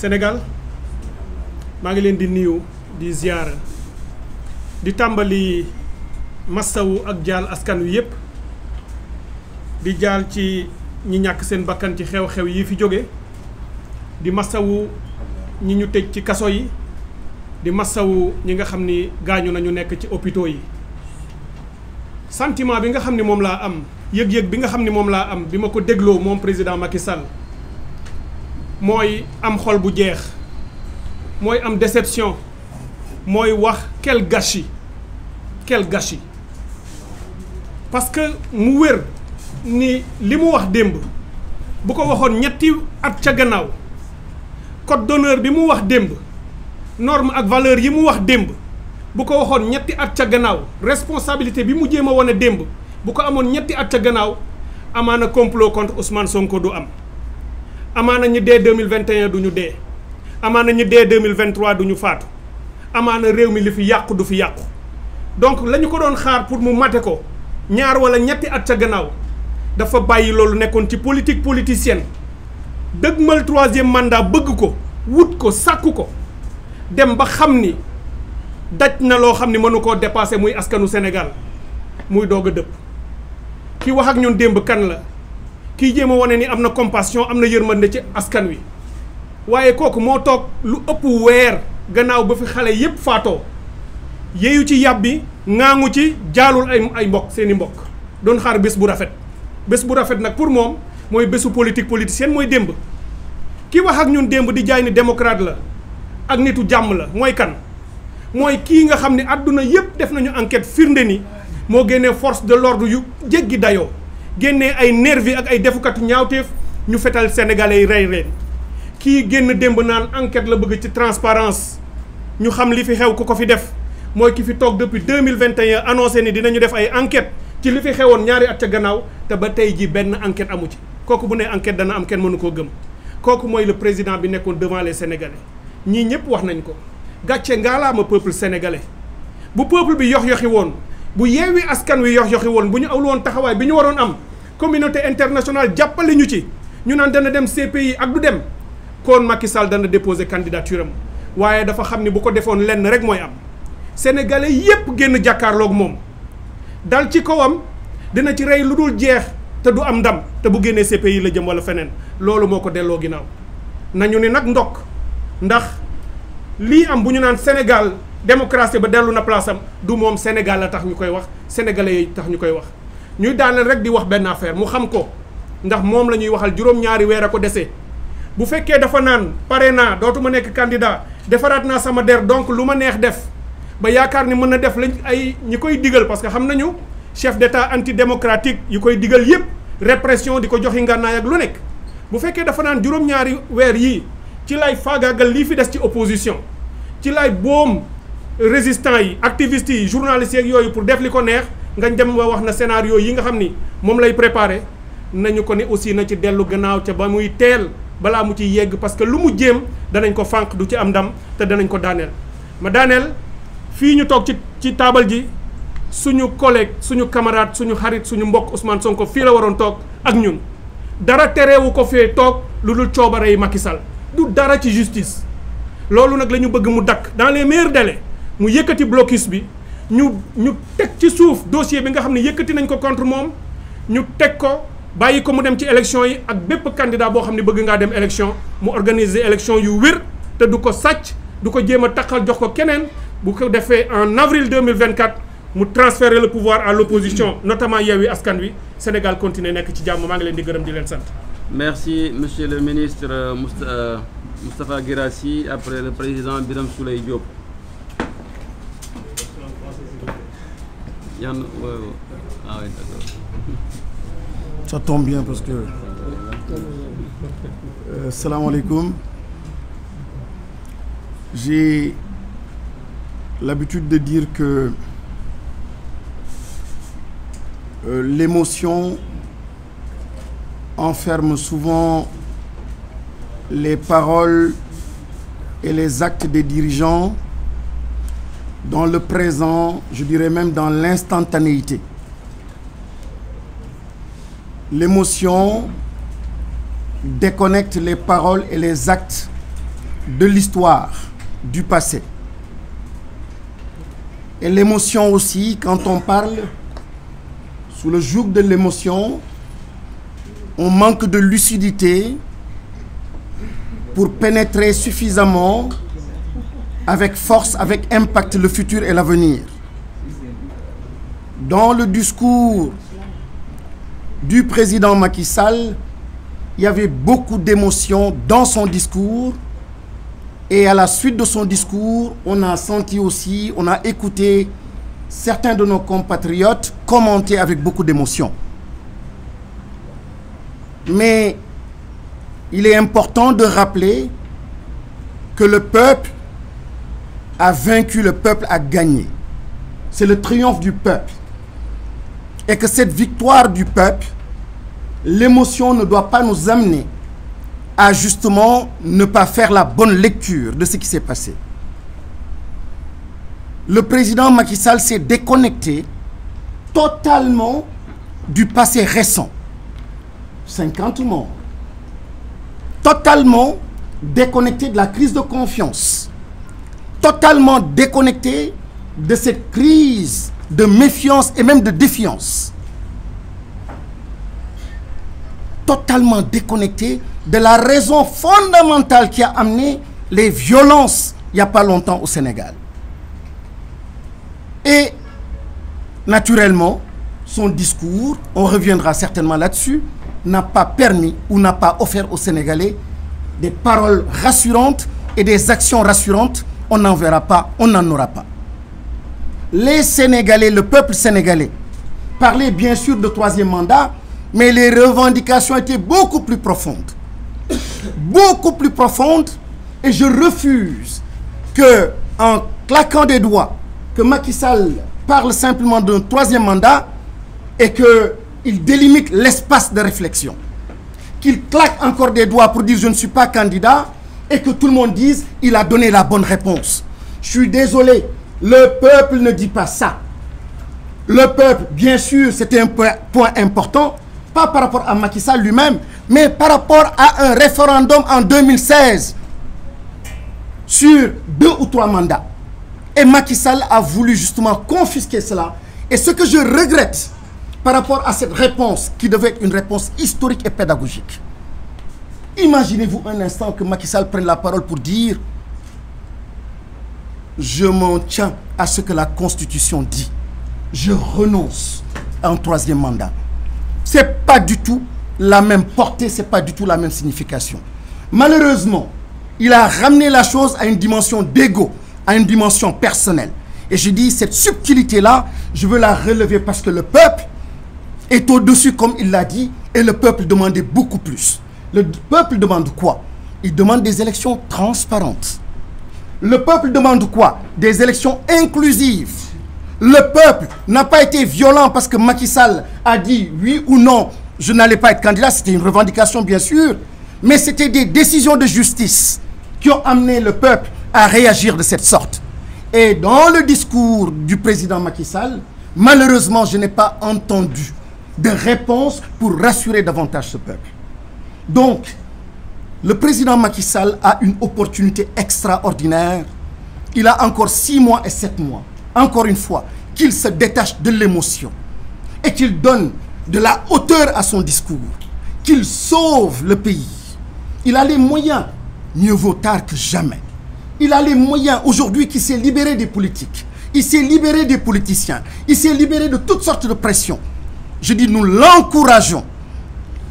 Sénégal maa ngi leen di nuyu di ziyaara di tàmbali massawu ak jaal askan wi yépp di jaal ci ñi ñàkk seen bakkan ci xew-xew yi fi jóge di massawu ñi ñu tëj ci kaso yi di massawu ñi nga xam ni gaañu nañu nekk ci hôpitaux yi sentiment bi nga xam ni moom laa am yëg-yëg bi nga xam ni moom laa am bi ma ko dégloo moom président Macky Sall mooy am xol bu jeex mooy am déception mooy wax quel gâchis quel gâchis parce que mu wér ni li mu wax démb bu ko waxoon ñetti at ca gannaaw code d'honneur bi mu wax démb norme ak valeur yi mu wax démb bu ko waxoon ñetti at ca gannaaw responsabilité bi mu jéem a wane démb bu ko amoon ñetti at ca gannaaw amaana complot contre Ousmane Sonko du am. amaana ñu dee 2021 du ñu dee amaana ñu dee 2023 du ñu faatu amaana réew mi li fi yàqu du fi yàqu donc lañu ko doon xaar pour mu mate ko ñaar wala ñetti at ca gannaaw dafa bàyyi loolu nekkoon ci politique politicienne dëgmal troisième mandat bëgg ko wut ko sàkku ko dem ba xam ni daj na loo xam ni mënu koo dépassé muy askanu senegal muy doog a dëpp ki wax ak ñun démb kan la kii jéem a wane ni am na compassion am na yërmande ci askan wi waaye kooku moo toog lu ëpp weer gannaaw ba fi xale yépp faatoo yeeyu ci yàbbi ŋaangu ci jaalul ay ay mbokk seeni mbokk doon xaar bés bu rafet bés bu rafet nag pour moom mooy bésu politique politicienne mooy démb ki wax ak ñun démb di jaay ni démocrate la ak nitu jàmm la mooy kan mooy kii nga xam ne àdduna yépp def nañu enquête firnde ni moo génnee force de l'ordre yu jéggi dayoo génne ay nervi ak ay defukatu ñaawteef ñu fetal sénégalais yi rey kii génn démb naan enquête la bëgg ci transparence ñu xam li fi xew ku ko fi def mooy ki fi toog depuis deux mille vingt et un annoncé dinañu def ay enquête ci li fi xewoon ñaari at ca gannaaw te ba tey ji benn enquête amu ci kooku bu ne enquête dana am kenn mënu koo gëm kooku mooy le président bi nekkoon devant les sénégalais ñii ñëpp wax nañ ko gàcce ngaalaama peuple sénégalais bu peuple bi yox yoxi woon bu yeewi askan wi yox yoxi woon bu ñu awlu taxawaay bi ñu waroon am communauté internationale jàppale ñu ci ñu naan dana dem CPI ak du dem kon Macky Sall dana déposer candidature am waaye dafa xam ni bu ko defoon lenn rek mooy am sénégalais yépp génn jàkkaarloog moom dal ci kawam dina ci rey lu dul jeex te du am ndam te bu génnee CPI la jëm wala feneen loolu moo ko delloo ginnaaw nañu ni nag ndokk ndax lii am bu ñu naan Sénégal démocratie ba dellu na place am du moom Sénégal la tax ñu koy wax sénégalais yi tax ñu koy wax ñuy daaneel rek di wax benn affaire mu xam ko ndax moom la ñuy waxal juróom-ñaari weer a ko desee bu fekkee dafa naan pare naa dootuma nekk candidat defaraat naa sama der donc lu ma neex def ba yaakaar ni mën na def lañ ay ñi koy digal parce que xam nañu chef d'état antidémocratique yi koy digal yépp répression di ko joxi ngànnaay ak lu nekk bu fekkee dafa naan juróom-ñaari weer yi ci lay faagaagal lii fi des ci opposition ci lay boom résistants yi activistes yi yooyu pour def li ko neex nga dem ba wax na scénario yi nga xam ni moom lay préparé nañu ko ne aussi na ci dellu gannaaw ca ba muy teel balaa mu ci yegg parce que lu mu jéem danañ ko fànq du ci am ndam te danañ ko daaneel. ma daaneel fii ñu toog ci ci taabal ji suñu collègue suñu camarade suñu xarit suñu mbokk Ousmane ko fii la waroon toog ak ñun dara terewu ko fee toog lu dul coobare yi Macky Sall du dara ci justice. loolu nag lañu bëgg mu dakk dans les meilleurs dale mu yëkkati blocus bi. ñu ñu teg ci suuf dossier bi nga xam ne yëkkati nañ ko contre moom ñu teg ko bàyyi ko mu dem ci élection yi ak bépp candidat boo xam ne bëgg ngaa dem élection mu organiser élection yu wér te du ko sàcc du ko jéem a taxal jox ko keneen bu ko defee en avril 2024 mu transférer le pouvoir à l'opposition notamment Yewwi Askan Wi Sénégal continuer nekk ci jàmm maa ngi leen di gërëm di leen sant merci monsieur le ministre euh, euh, Moustapha Guirassy après le président Birame Souleye Diop Yann, ouais, Ah oui, d'accord. Ça tombe bien parce que. Euh, salam alaikum. J'ai l'habitude de dire que euh, l'émotion enferme souvent les paroles et les actes des dirigeants dans le présent, je dirais même dans l'instantanéité. L'émotion déconnecte les paroles et les actes de l'histoire, du passé. Et l'émotion aussi, quand on parle, sous le joug de l'émotion, on manque de lucidité pour pénétrer suffisamment avec force, avec impact le futur et l'avenir. Dans le discours du président Macky Sall, il y avait beaucoup d'émotions dans son discours. Et à la suite de son discours, on a senti aussi, on a écouté certains de nos compatriotes commenter avec beaucoup d'émotion. Mais il est important de rappeler que le peuple a vaincu, le peuple a gagné. C'est le triomphe du peuple. Et que cette victoire du peuple, l'émotion ne doit pas nous amener à justement ne pas faire la bonne lecture de ce qui s'est passé. Le président Macky Sall s'est déconnecté totalement du passé récent. 50 morts. Totalement déconnecté de la crise de confiance totalement déconnecté de cette crise de méfiance et même de défiance. Totalement déconnecté de la raison fondamentale qui a amené les violences il n'y a pas longtemps au Sénégal. Et naturellement, son discours, on reviendra certainement là-dessus, n'a pas permis ou n'a pas offert aux Sénégalais des paroles rassurantes et des actions rassurantes on n'en verra pas, on n'en aura pas. Les Sénégalais, le peuple sénégalais, parlait bien sûr de troisième mandat, mais les revendications étaient beaucoup plus profondes. Beaucoup plus profondes, et je refuse que, en claquant des doigts, que Macky Sall parle simplement d'un troisième mandat et qu'il délimite l'espace de réflexion. Qu'il claque encore des doigts pour dire je ne suis pas candidat, et que tout le monde dise il a donné la bonne réponse je suis désolé le peuple ne dit pas ça le peuple bien sûr c'était un point important pas par rapport à Macky Sall lui-même mais par rapport à un référendum en 2016 sur deux ou trois mandats et Macky Sall a voulu justement confisquer cela et ce que je regrette par rapport à cette réponse qui devait être une réponse historique et pédagogique Imaginez-vous un instant que Macky Sall prenne la parole pour dire je m'en tiens à ce que la Constitution dit. Je renonce un troisième mandat. C'est pas du tout la même portée, c'est pas du tout la même signification. Malheureusement, il a ramené la chose à une dimension d'ego, à une dimension personnelle. Et je dis, cette subtilité-là, je veux la relever parce que le peuple est au-dessus, comme il l'a dit, et le peuple demandait beaucoup plus. Le peuple demande quoi Il demande des élections transparentes. Le peuple demande quoi Des élections inclusives. Le peuple n'a pas été violent parce que Macky Sall a dit oui ou non, je n'allais pas être candidat. C'était une revendication, bien sûr. Mais c'était des décisions de justice qui ont amené le peuple à réagir de cette sorte. Et dans le discours du président Macky Sall, malheureusement, je n'ai pas entendu de réponse pour rassurer davantage ce peuple. donc le président Macky Sall a une opportunité extraordinaire il a encore six mois et sept mois encore une fois qu'il se détache de l'émotion et qu'il donne de la hauteur à son discours qu'il sauve le pays il a les moyens mieux vaut tard que jamais il a les moyens aujourd'hui qui s'est libéré des politiques il s'est libéré des politiciens il s'est libéré de toutes sortes de pressions je dis nous l'encourageons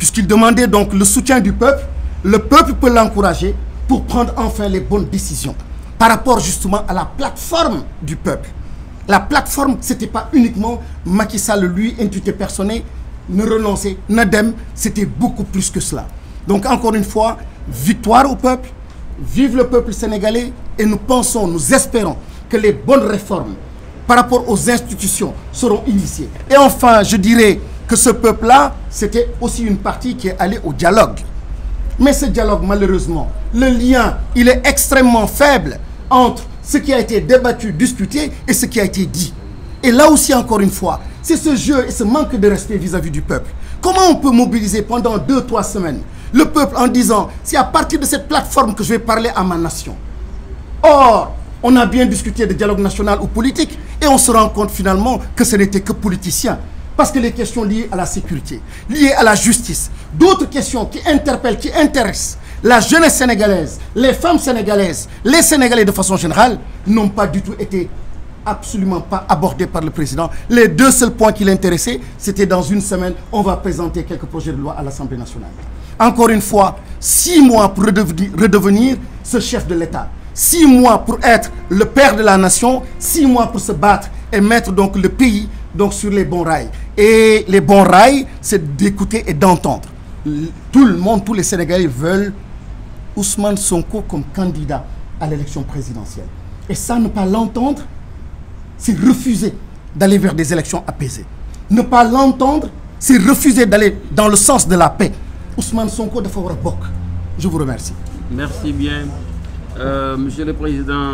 puisqu'il demandait donc le soutien du peuple, le peuple peut l'encourager pour prendre enfin les bonnes décisions par rapport justement à la plateforme du peuple. La plateforme, c'était pas uniquement Macky Sall, lui, entité personnelle, ne renoncer, ne dem, c'était beaucoup plus que cela. Donc encore une fois, victoire au peuple, vive le peuple sénégalais et nous pensons, nous espérons que les bonnes réformes par rapport aux institutions seront initiées. Et enfin, je dirais que ce peuple-là, c'était aussi une partie qui est allée au dialogue. Mais ce dialogue, malheureusement, le lien, il est extrêmement faible entre ce qui a été débattu, discuté et ce qui a été dit. Et là aussi, encore une fois, c'est ce jeu et ce manque de respect vis-à-vis -vis du peuple. Comment on peut mobiliser pendant deux, trois semaines le peuple en disant « c'est à partir de cette plateforme que je vais parler à ma nation ». Or, on a bien discuté de dialogue national ou politique et se rend compte finalement que parce que les questions liées à la sécurité, liées à la justice, d'autres questions qui interpellent, qui intéressent la jeunesse sénégalaise, les femmes sénégalaises, les Sénégalais de façon générale, n'ont pas du tout été absolument pas abordées par le président. Les deux seuls points qui l'intéressaient, c'était dans une semaine, on va présenter quelques projets de loi à l'Assemblée nationale. Encore une fois, six mois pour redevenir ce chef de l'État six mois pour être le père de la nation, six mois pour se battre et mettre donc le pays donc sur les bons rails. Et les bons rails, c'est d'écouter et d'entendre. Tout le monde, tous les Sénégalais veulent Ousmane Sonko comme candidat à l'élection présidentielle. Et ça, ne pas l'entendre, c'est refuser d'aller vers des élections apaisées. Ne pas l'entendre, c'est refuser d'aller dans le sens de la paix. Ousmane Sonko de Faurabok. Je vous remercie. bien, euh, le Président.